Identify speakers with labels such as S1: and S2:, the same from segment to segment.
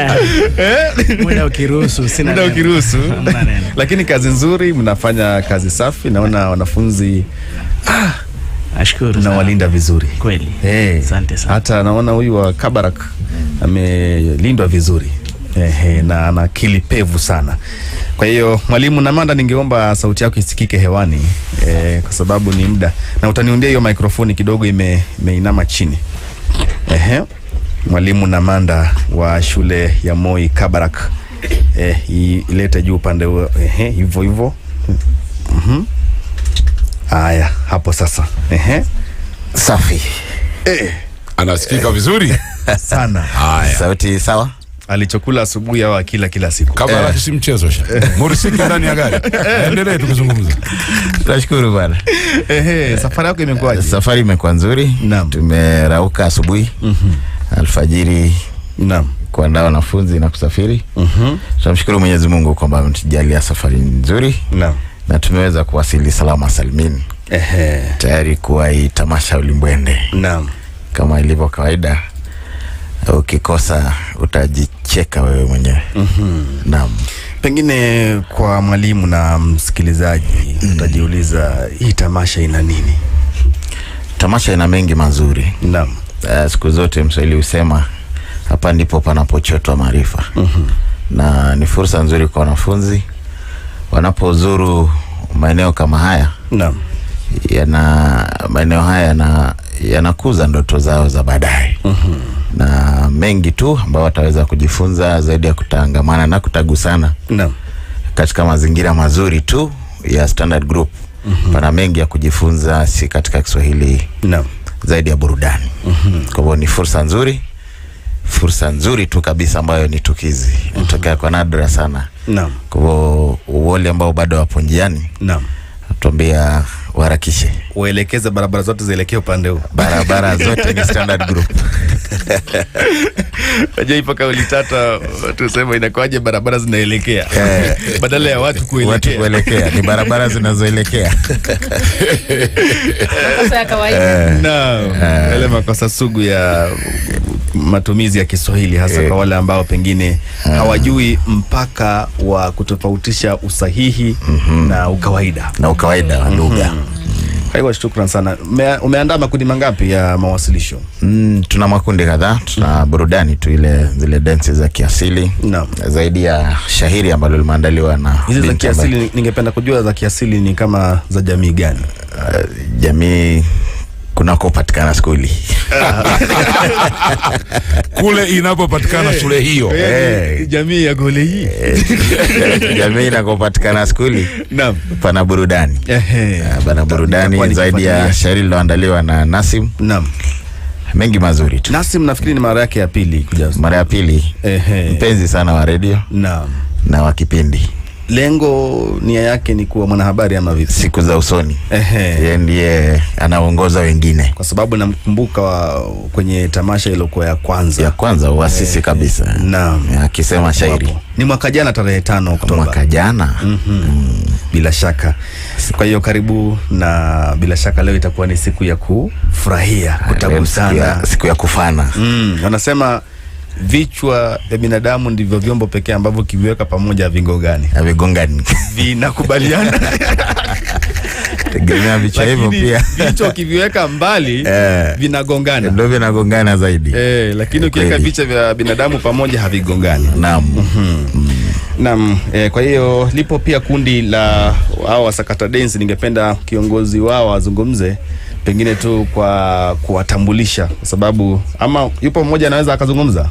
S1: Eh? Muda ukiruhusu,
S2: sina muda ukiruhusu, lakini kazi nzuri mnafanya, kazi safi. Naona wanafunzi ah, ashukuru na walinda vizuri kweli. Hey, eh. asante sana. Hata naona huyu wa Kabarak amelindwa vizuri Ehe, na ana akili pevu sana. Kwa hiyo Mwalimu Namanda, ningeomba sauti yako isikike hewani e, kwa sababu ni muda, na utaniundia hiyo mikrofoni kidogo, ime, imeinama chini. Ehe mwalimu na manda wa shule ya Moi Kabarak, eh, ilete juu upande eh, hivyo mm -hmm. Aya, hapo sasa. eh, safi eh, anasikika vizuri
S3: sana. Aya, sauti sawa
S2: alichokula asubuhi au akila kila siku kama eh. si mchezo sha murisiki ndani ya gari. Endelee tukizungumza.
S3: Tunashukuru bwana.
S2: Ehe, safari yako imekuwaje?
S3: Safari imekuwa nzuri, tumerauka asubuhi. Mhm alfajiri naam kuandaa wanafunzi na kusafiri. mm -hmm. Tunamshukuru Mwenyezi Mungu kwamba ametujalia safari nzuri naam, na tumeweza kuwasili salama salimini,
S2: ehe,
S3: tayari hii tamasha ulimbwende. Naam, kama ilivyo kawaida, ukikosa utajicheka wewe mwenyewe.
S2: mm -hmm. Naam, pengine kwa mwalimu na msikilizaji mm. utajiuliza, hii tamasha ina nini?
S3: Tamasha ina mengi mazuri. Naam uh, siku zote Mswahili husema hapa ndipo panapochotwa maarifa mm -hmm. na ni fursa nzuri kwa wanafunzi wanapozuru maeneo kama haya naam. yana maeneo haya na yanakuza ndoto zao za baadaye
S2: mm -hmm.
S3: na mengi tu ambao wataweza kujifunza zaidi ya kutangamana na kutagusana naam. katika mazingira mazuri tu ya Standard Group mm -hmm. pana mengi ya kujifunza si katika Kiswahili naam zaidi ya burudani mm -hmm. Kwa hivyo ni fursa nzuri, fursa nzuri tu kabisa ambayo ni tukizi inatokea mhm. mm -hmm. kwa nadra sana naam. Kwa hivyo wale ambao bado wapo njiani naam, tuambia waharakishe,
S2: waelekeze barabara zote zielekee upande huu,
S3: barabara zote ni Standard Group
S2: Wajaipa kauli tata, tusema inakuwaje barabara zinaelekea eh. badala ya watu kuelekea, watu
S3: kuelekea ni barabara zinazoelekea
S1: eh. Eh.
S2: yale makosa sugu ya matumizi ya Kiswahili hasa kwa wale ambao pengine hawajui mpaka wa kutofautisha usahihi mhm. na ukawaida
S3: na ukawaida wa lugha mhm.
S2: Haiwa, shukrani sana. Umeandaa makundi mangapi ya mawasilisho?
S3: Mm, tuna makundi kadhaa, tuna burudani tu ile zile dance za kiasili no. zaidi ya shahiri ambalo limeandaliwa na
S2: hizi za kiasili. Ningependa kujua za kiasili ni kama za jamii gani?
S3: Uh, jamii kunakopatikana skuli
S2: kule inapopatikana shule hiyo
S3: eh,
S2: eh. Jamii ya gole hii eh.
S3: jamii inakopatikana skuli pana burudani
S2: ah,
S3: Pana burudani zaidi ya shairi liloandaliwa na Nasim naam mengi mazuri tu.
S2: Nasim nafikiri ni mara yake ya pili kujaza.
S3: mara ya pili, mpenzi sana wa redio naam na wa kipindi
S2: lengo nia yake ni kuwa mwanahabari ama vipi?
S3: Siku za usoni yeye ndiye anaongoza wengine,
S2: kwa sababu namkumbuka kwenye tamasha ilokuwa ya kwanza
S3: ya kwanza uasisi eh, kabisa, naam, akisema shairi.
S2: Ni mwaka jana tarehe tano
S3: Oktoba mwaka jana.
S2: mm -hmm. mm. Bila shaka, kwa hiyo karibu, na bila shaka leo itakuwa ni siku ya kufurahia, kutabu siku ya kufana, mm, wanasema mm vichwa vya binadamu ndivyo vyombo pekee ambavyo kiviweka pamoja havigongani,
S3: havigongani,
S2: vinakubaliana
S3: tegemea vichwa hivyo pia
S2: vichwa ukiviweka mbali eh, vinagongana,
S3: ndio vinagongana zaidi
S2: eh, lakini ukiweka vichwa vya binadamu pamoja havigongani. Naam. mm -hmm. Naam. Eh, kwa hiyo lipo pia kundi la hao wasakata dance, ningependa kiongozi wao azungumze pengine tu kwa kuwatambulisha, kwa sababu ama yupo mmoja anaweza akazungumza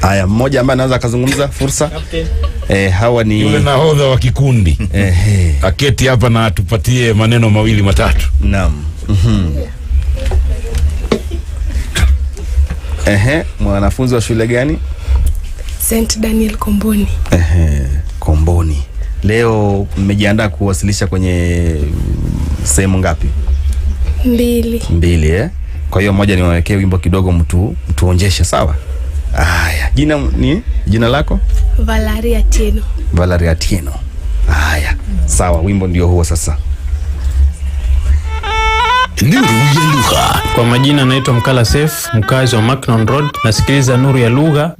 S2: Haya, mmoja ambaye anaweza akazungumza fursa eh, hawa ni yule nahodha wa kikundi eh, aketi hapa na atupatie maneno mawili matatu. Naam, mhm ehe, mwanafunzi wa shule gani?
S4: Saint Daniel Komboni.
S2: Ehe, Komboni, leo mmejiandaa kuwasilisha kwenye sehemu ngapi? Mbili. Mbili eh? Kwa hiyo moja niwawekee wimbo kidogo, mtu mtuonjeshe, sawa? Aya, jina ni jina lako?
S4: Valaria Tieno.
S2: Valaria Tieno. Aya, sawa, wimbo ndio huo sasa. Nuru ya Lugha. Kwa majina naitwa Mkala Sef, mkazi wa Macnon Road, nasikiliza Nuru ya Lugha.